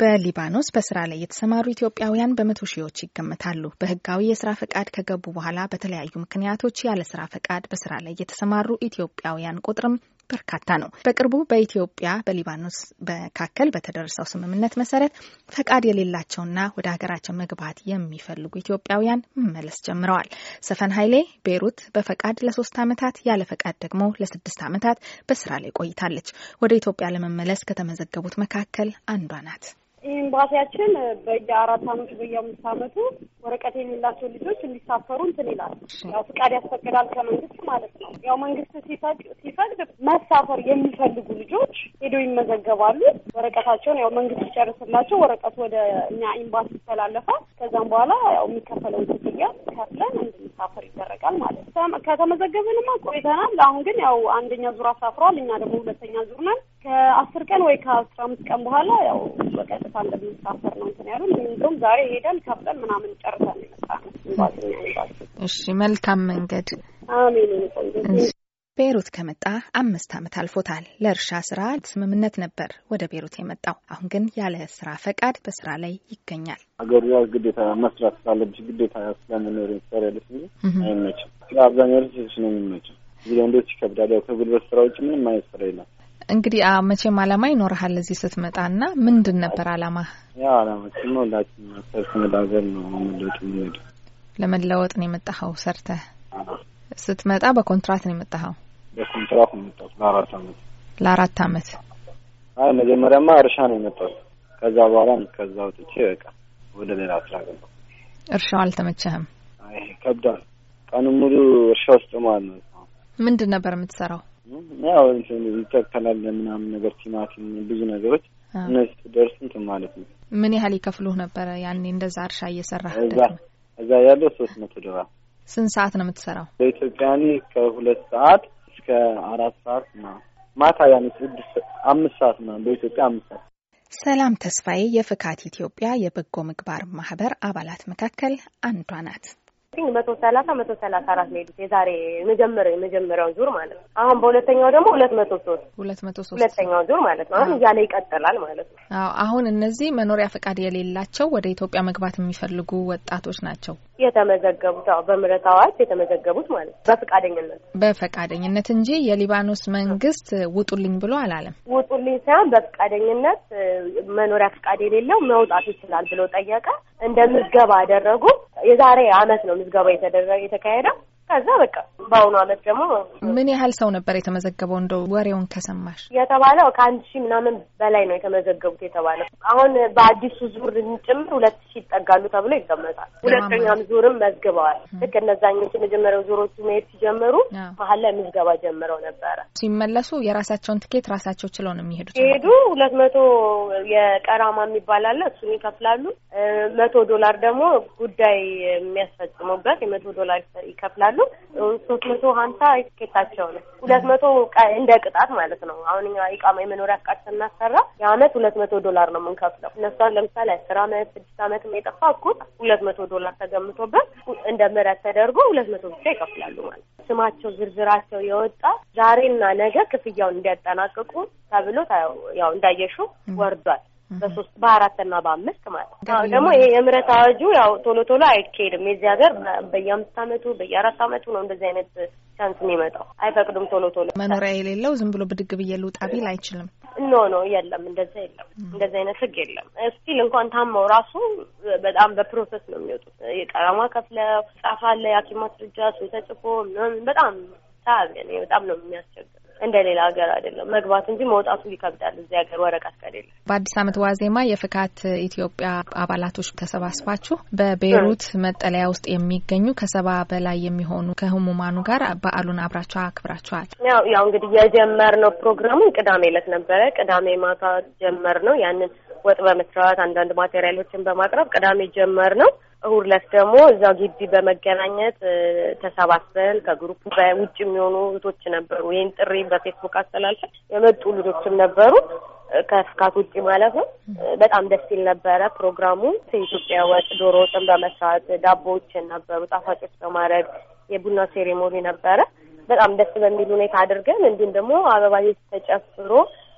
በሊባኖስ በስራ ላይ የተሰማሩ ኢትዮጵያውያን በመቶ ሺዎች ይገመታሉ። በህጋዊ የስራ ፈቃድ ከገቡ በኋላ በተለያዩ ምክንያቶች ያለ ስራ ፈቃድ በስራ ላይ የተሰማሩ ኢትዮጵያውያን ቁጥርም በርካታ ነው። በቅርቡ በኢትዮጵያ በሊባኖስ መካከል በተደረሰው ስምምነት መሰረት ፈቃድ የሌላቸውና ወደ ሀገራቸው መግባት የሚፈልጉ ኢትዮጵያውያን መመለስ ጀምረዋል። ሰፈን ኃይሌ ቤሩት በፈቃድ ለሶስት ዓመታት ያለ ፈቃድ ደግሞ ለስድስት ዓመታት በስራ ላይ ቆይታለች። ወደ ኢትዮጵያ ለመመለስ ከተመዘገቡት መካከል አንዷ ናት። ኤምባሲያችን በየአራት አመቱ በየአምስት አመቱ ወረቀት የሌላቸው ልጆች እንዲሳፈሩ እንትን ይላል። ያው ፍቃድ ያስፈቅዳል ከመንግስት ማለት ነው። ያው መንግስት ሲፈቅድ መሳፈር የሚፈልጉ ልጆች ሄደው ይመዘገባሉ። ወረቀታቸውን ያው መንግስት ሲጨርስላቸው ወረቀቱ ወደ እኛ ኤምባሲ ይተላለፋል። ከዛም በኋላ ያው የሚከፈለውን ክፍያ ይጠይቃል ማለት ነው። ከተመዘገብንማ ቆይተናል። አሁን ግን ያው አንደኛ ዙር አሳፍሯል። እኛ ደግሞ ሁለተኛ ዙር ነን። ከአስር ቀን ወይ ከአስራ አምስት ቀን በኋላ ያው በቀጥታ እንደምንሳፈር ነው እንትን ያሉ እንደውም ዛሬ ሄደን ከብለን ምናምን ጨርሰን ይመጣ ነው። እሺ መልካም መንገድ። አሜን ቆይ ቤይሩት ከመጣ አምስት ዓመት አልፎታል። ለእርሻ ስራ ስምምነት ነበር ወደ ቤይሩት የመጣው። አሁን ግን ያለ ስራ ፈቃድ በስራ ላይ ይገኛል። ሀገሩ ያው ግዴታ መስራት ስላለብሽ ግዴታ ስለምኖር ሰሪያለች እ አይመችም። አብዛኛው ልጅ ነው የሚመችው። እዚህ ወንዶች ይከብዳል። ያው ከጉልበት ስራ ውጭ ምንም አይነት ስራ የለም። እንግዲህ መቼም አላማ ይኖርሃል እዚህ ስትመጣ እና ምንድን ነበር አላማ? ያው አላማችን ነው ሁላችን ሰርፍ መዳገር ነው መለወጥ የሚሄድ ለመለወጥ ነው የመጣኸው ሰርተህ ስትመጣ በኮንትራት ነው የመጣኸው? በኮንትራት ነው የመጣሁት ለአራት አመት ለአራት አመት። አይ መጀመሪያማ እርሻ ነው የመጣሁት። ከዛ በኋላ ከዛ ወጥቼ በቃ ወደ ሌላ ስራ ገባ። እርሻው አልተመቸህም? አይ ከብዳል። ቀኑ ሙሉ እርሻ ውስጥ ማለት ነው። ምንድን ነበር የምትሰራው? ያው እንትን ይተከላል ምናምን ነገር ቲማቲም፣ ብዙ ነገሮች እነሱ ደርስ እንትን ማለት ነው። ምን ያህል ይከፍሉህ ነበረ ያኔ እንደዛ እርሻ እየሰራህ? እዛ ያለው ሶስት መቶ ዶላር። ስንት ሰዓት ነው የምትሰራው? በኢትዮጵያኒ ከሁለት ሰዓት እስከ አራት ሰዓት ማታ ያኔ ስድስት አምስት ሰዓት ና በኢትዮጵያ አምስት ሰዓት። ሰላም ተስፋዬ የፍካት ኢትዮጵያ የበጎ ምግባር ማህበር አባላት መካከል አንዷ ናት። ቲንክ መቶ ሰላሳ መቶ ሰላሳ አራት ነው የሄዱት የዛሬ መጀመሪያ የመጀመሪያው ዙር ማለት ነው። አሁን በሁለተኛው ደግሞ ሁለት መቶ ሶስት ሁለት መቶ ሶስት ሁለተኛው ዙር ማለት ነው። አሁን እያለ ይቀጥላል ማለት ነው። አሁን እነዚህ መኖሪያ ፈቃድ የሌላቸው ወደ ኢትዮጵያ መግባት የሚፈልጉ ወጣቶች ናቸው የተመዘገቡት። ው በምህረት አዋጅ የተመዘገቡት ማለት ነው። በፈቃደኝነት በፈቃደኝነት እንጂ የሊባኖስ መንግስት ውጡልኝ ብሎ አላለም። ውጡልኝ ሳይሆን በፈቃደኝነት መኖሪያ ፈቃድ የሌለው መውጣት ይችላል ብሎ ጠየቀ። እንደ ምዝገባ አደረጉ። የዛሬ አመት ነው ምዝገባ የተደረገ የተካሄደው ከዛ በቃ በአሁኑ አመት ደግሞ ምን ያህል ሰው ነበር የተመዘገበው? እንደው ወሬውን ከሰማሽ የተባለው ከአንድ ሺህ ምናምን በላይ ነው የተመዘገቡት የተባለው። አሁን በአዲሱ ዙር ጭምር ሁለት ሺህ ይጠጋሉ ተብሎ ይገመታል። ሁለተኛም ዙርም መዝግበዋል። ልክ እነዛኞች የመጀመሪያው ዙሮቹ መሄድ ሲጀምሩ መሀል ላይ ምዝገባ ጀምረው ነበረ። ሲመለሱ የራሳቸውን ትኬት ራሳቸው ችለው ነው የሚሄዱት። ሲሄዱ ሁለት መቶ የቀራማ የሚባል አለ፣ እሱን ይከፍላሉ። መቶ ዶላር ደግሞ ጉዳይ የሚያስፈጽሙበት የመቶ ዶላር ይከፍላሉ። ይችላሉ። ሶስት መቶ ሀምሳ የትኬታቸው ነው። ሁለት መቶ እንደ ቅጣት ማለት ነው። አሁን ኢቃማ የመኖሪያ ፍቃድ ስናሰራ የአመት ሁለት መቶ ዶላር ነው የምንከፍለው። እነሷን ለምሳሌ አስር አመት ስድስት አመት የጠፋ እኩል ሁለት መቶ ዶላር ተገምቶበት እንደ ምህረት ተደርጎ ሁለት መቶ ብቻ ይከፍላሉ ማለት ነው። ስማቸው ዝርዝራቸው የወጣ ዛሬና ነገ ክፍያውን እንዲያጠናቅቁ ተብሎ ያው እንዳየሹ ወርዷል። በሶስት በአራት እና በአምስት ማለት ነው። ደግሞ ይሄ የምህረት አዋጁ ያው ቶሎ ቶሎ አይካሄድም። የዚህ ሀገር በየአምስት አመቱ በየአራት አመቱ ነው እንደዚህ አይነት ቻንስ የሚመጣው። አይፈቅዱም ቶሎ ቶሎ። መኖሪያ የሌለው ዝም ብሎ ብድግ ብዬ ልውጣ ቢል አይችልም። ኖ ኖ የለም፣ እንደዛ የለም። እንደዚህ አይነት ህግ የለም። ስቲል እንኳን ታመው ራሱ በጣም በፕሮሰስ ነው የሚወጡት። የቀረማ ከፍለው ጻፋለ የሐኪም ማስረጃ ተጽፎ ምናምን በጣም ሳቢ በጣም ነው የሚያስቸግር እንደ ሌላ ሀገር አይደለም። መግባት እንጂ መውጣቱ ይከብዳል እዚህ ሀገር ወረቀት ከሌለ። በአዲስ አመት ዋዜማ የፍካት ኢትዮጵያ አባላቶች ተሰባስባችሁ በቤይሩት መጠለያ ውስጥ የሚገኙ ከሰባ በላይ የሚሆኑ ከህሙማኑ ጋር በዓሉን አብራችሁ አክብራችኋል። ያው ያው እንግዲህ የጀመርነው ፕሮግራሙን ቅዳሜ ዕለት ነበረ። ቅዳሜ ማታ ጀመር ነው ያንን ወጥ በመስራት አንዳንድ ማቴሪያሎችን በማቅረብ ቅዳሜ ጀመር ነው። እሁድ ዕለት ደግሞ እዛው ግቢ በመገናኘት ተሰባስበን ከግሩፕ በውጭ የሚሆኑ እህቶች ነበሩ። ይህን ጥሪ በፌስቡክ አስተላልፈን የመጡ ልጆችም ነበሩ ከፍካት ውጭ ማለት ነው። በጣም ደስ ሲል ነበረ ፕሮግራሙ። ኢትዮጵያ ወጥ ዶሮ ወጥን በመስራት ዳቦዎችን ነበሩ ጣፋጮች በማድረግ የቡና ሴሬሞኒ ነበረ። በጣም ደስ በሚል ሁኔታ አድርገን እንዲሁም ደግሞ አበባ ተጨፍሮ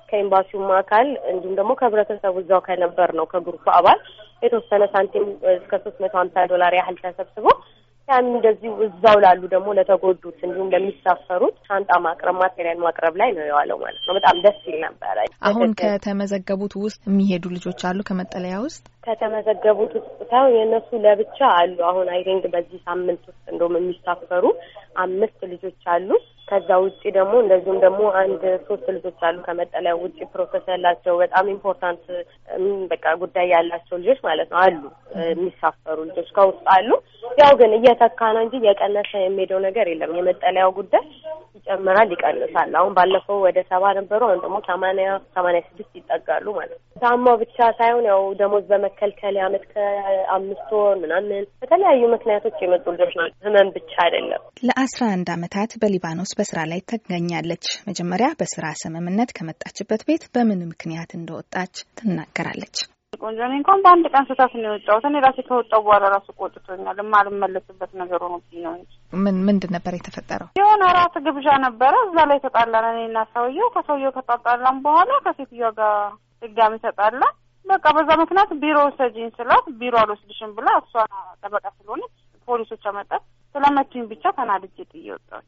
ከኤምባሲውም አካል እንዲሁም ደግሞ ከህብረተሰቡ እዛው ከነበር ነው ከግሩፕ አባል የተወሰነ ሳንቲም እስከ ሶስት መቶ ሀምሳ ዶላር ያህል ተሰብስቦ ያም እንደዚሁ እዛው ላሉ ደግሞ ለተጎዱት እንዲሁም ለሚሳፈሩት ሻንጣ ማቅረብ ማቴሪያል ማቅረብ ላይ ነው የዋለው ማለት ነው። በጣም ደስ ይል ነበረ። አሁን ከተመዘገቡት ውስጥ የሚሄዱ ልጆች አሉ ከመጠለያ ውስጥ ከተመዘገቡት ውስጥ ሳይሆን የእነሱ ለብቻ አሉ። አሁን አይ ቲንክ በዚህ ሳምንት ውስጥ እንደውም የሚሳፈሩ አምስት ልጆች አሉ። ከዛ ውጭ ደግሞ እንደዚሁም ደግሞ አንድ ሶስት ልጆች አሉ ከመጠለያ ውጭ ፕሮሰስ ያላቸው በጣም ኢምፖርታንት በቃ ጉዳይ ያላቸው ልጆች ማለት ነው አሉ የሚሳፈሩ ልጆች ከውስጥ አሉ። ያው ግን እየተካ ነው እንጂ እየቀነሰ የሚሄደው ነገር የለም። የመጠለያው ጉዳይ ይጨምራል፣ ይቀንሳል። አሁን ባለፈው ወደ ሰባ ነበሩ፣ አሁን ደግሞ ሰማንያ ሰማንያ ስድስት ይጠጋሉ ማለት ነው። ታማው ብቻ ሳይሆን ያው ደሞዝ በመከልከል አመት ከአምስት ወር ምናምን በተለያዩ ምክንያቶች የመጡ ልጆች ናቸው። ህመም ብቻ አይደለም። ለአስራ አንድ አመታት በሊባኖስ በስራ ላይ ትገኛለች። መጀመሪያ በስራ ስምምነት ከመጣችበት ቤት በምን ምክንያት እንደወጣች ትናገራለች። ቆንጆ ነኝ እንኳን በአንድ ቀን ስታት ነው የወጣሁት። እኔ ራሴ ከወጣሁ በኋላ ራሱ ቆጥቶኛል። የማልመለስበት ነገር ሆኖብኝ ነው እንጂ ምን ምንድን ነበር የተፈጠረው? የሆነ እራት ግብዣ ነበረ። እዛ ላይ ተጣላን እኔና ሰውየው። ከሰውየው ከጣጣላን በኋላ ከሴትዮዋ ጋር ድጋሚ ተጣላን። በቃ በዛ ምክንያት ቢሮ ውሰጂኝ ስላት ቢሮ አልወስድሽም ብላ እሷ ጠበቃ ስለሆነች ፖሊሶች አመጣት። ስለመቱኝ ብቻ ተናድጄ ጥዬ ወጣሁ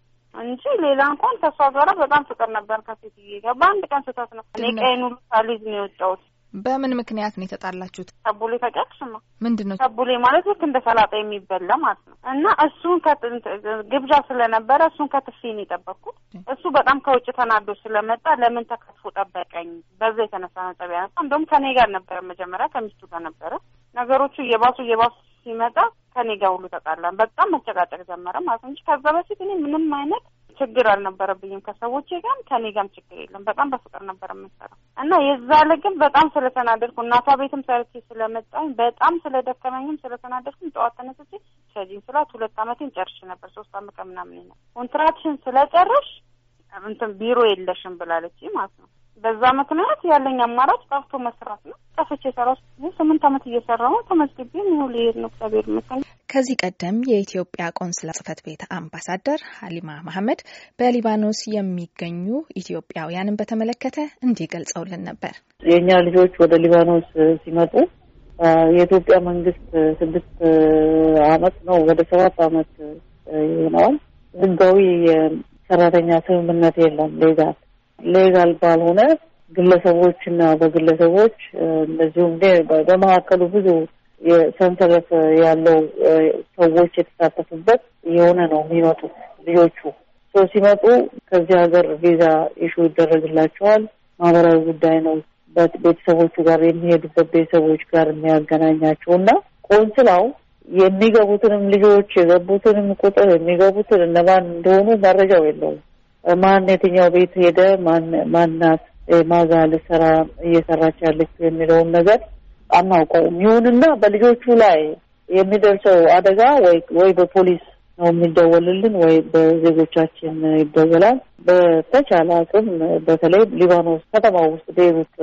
እንጂ ሌላ እንኳን ተሷ ጋራ በጣም ፍቅር ነበር ከሴትዬ ጋር። በአንድ ቀን ስህተት ነው። እኔ ቀይኑ ሳሊዝ ነው የወጣሁት። በምን ምክንያት ነው የተጣላችሁት? ተቡሌ ተጫጭ ነው። ምንድን ነው ተቡሌ ማለት? ልክ እንደ ሰላጣ የሚበላ ማለት ነው። እና እሱን ግብዣ ስለነበረ እሱን ከትፌን የጠበቅኩት እሱ በጣም ከውጭ ተናዶ ስለመጣ ለምን ተከትፎ ጠበቀኝ። በዛ የተነሳ ነጥብ ያነሳ። እንደውም ከኔ ጋር ነበረ መጀመሪያ ከሚስቱ ጋር ነበረ። ነገሮቹ እየባሱ እየባሱ ሲመጣ ከኔ ጋር ሁሉ ተጣላን። በጣም መጨቃጨቅ ጀመረ ማለት ነው እንጂ ከዛ በፊት እኔ ምንም አይነት ችግር አልነበረብኝም። ከሰዎቼ ጋርም ከኔ ጋርም ችግር የለም። በጣም በፍቅር ነበር የምንሰራው እና የዛ ለ ግን በጣም ስለተናደድኩ እናቷ ቤትም ሰርቼ ስለመጣኝ በጣም ስለደከመኝም ስለተናደድኩም ጠዋት ተነስቼ ሸጂን ስላት ሁለት አመቴን ጨርሼ ነበር። ሶስት አመት ከምናምን ነው ኮንትራክሽን ስለጨረሽ እንትን ቢሮ የለሽም ብላለች ማለት ነው። በዛ ምክንያት ያለኝ አማራጭ ጠፍቶ መስራት ነው። ጠፍቼ የሰራ ስምንት አመት ነው። ተመዝግቤ ሁ ልሄድ ነው እግዚአብሔር ይመስገን። ከዚህ ቀደም የኢትዮጵያ ቆንስላ ጽህፈት ቤት አምባሳደር ሀሊማ መሐመድ በሊባኖስ የሚገኙ ኢትዮጵያውያንን በተመለከተ እንዲህ ገልጸውልን ነበር። የእኛ ልጆች ወደ ሊባኖስ ሲመጡ የኢትዮጵያ መንግስት ስድስት አመት ነው ወደ ሰባት አመት ይሆነዋል ህጋዊ የሰራተኛ ስምምነት የለም። ሌጋል ሌጋል ባልሆነ ግለሰቦች እና በግለሰቦች እንደዚሁም በመካከሉ ብዙ የሰንሰለት ያለው ሰዎች የተሳተፉበት የሆነ ነው የሚመጡት ልጆቹ ሰው ሲመጡ ከዚህ ሀገር ቪዛ ኢሹ ይደረግላቸዋል። ማህበራዊ ጉዳይ ነው ቤተሰቦቹ ጋር የሚሄዱበት ቤተሰቦች ጋር የሚያገናኛቸው እና ቆንስላው የሚገቡትንም ልጆች የገቡትንም ቁጥር የሚገቡትን እነማን እንደሆኑ መረጃው የለውም። ማን የትኛው ቤት ሄደ፣ ማናት፣ ማዛ ልሰራ እየሰራች ያለች የሚለውን ነገር አናውቀውም። ይሁንና በልጆቹ ላይ የሚደርሰው አደጋ ወይ ወይ በፖሊስ ነው የሚደወልልን ወይ በዜጎቻችን ይደወላል። በተቻለ አቅም በተለይ ሊባኖስ ከተማ ውስጥ ቤሩት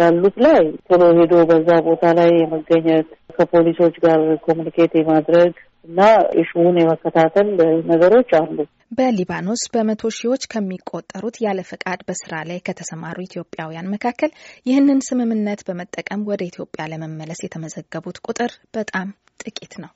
ላሉት ላይ ቶሎ ሄዶ በዛ ቦታ ላይ የመገኘት ከፖሊሶች ጋር ኮሚኒኬት የማድረግ እና ኢሹውን የመከታተል ነገሮች አሉ። በሊባኖስ በመቶ ሺዎች ከሚቆጠሩት ያለ ፈቃድ በስራ ላይ ከተሰማሩ ኢትዮጵያውያን መካከል ይህንን ስምምነት በመጠቀም ወደ ኢትዮጵያ ለመመለስ የተመዘገቡት ቁጥር በጣም ጥቂት ነው።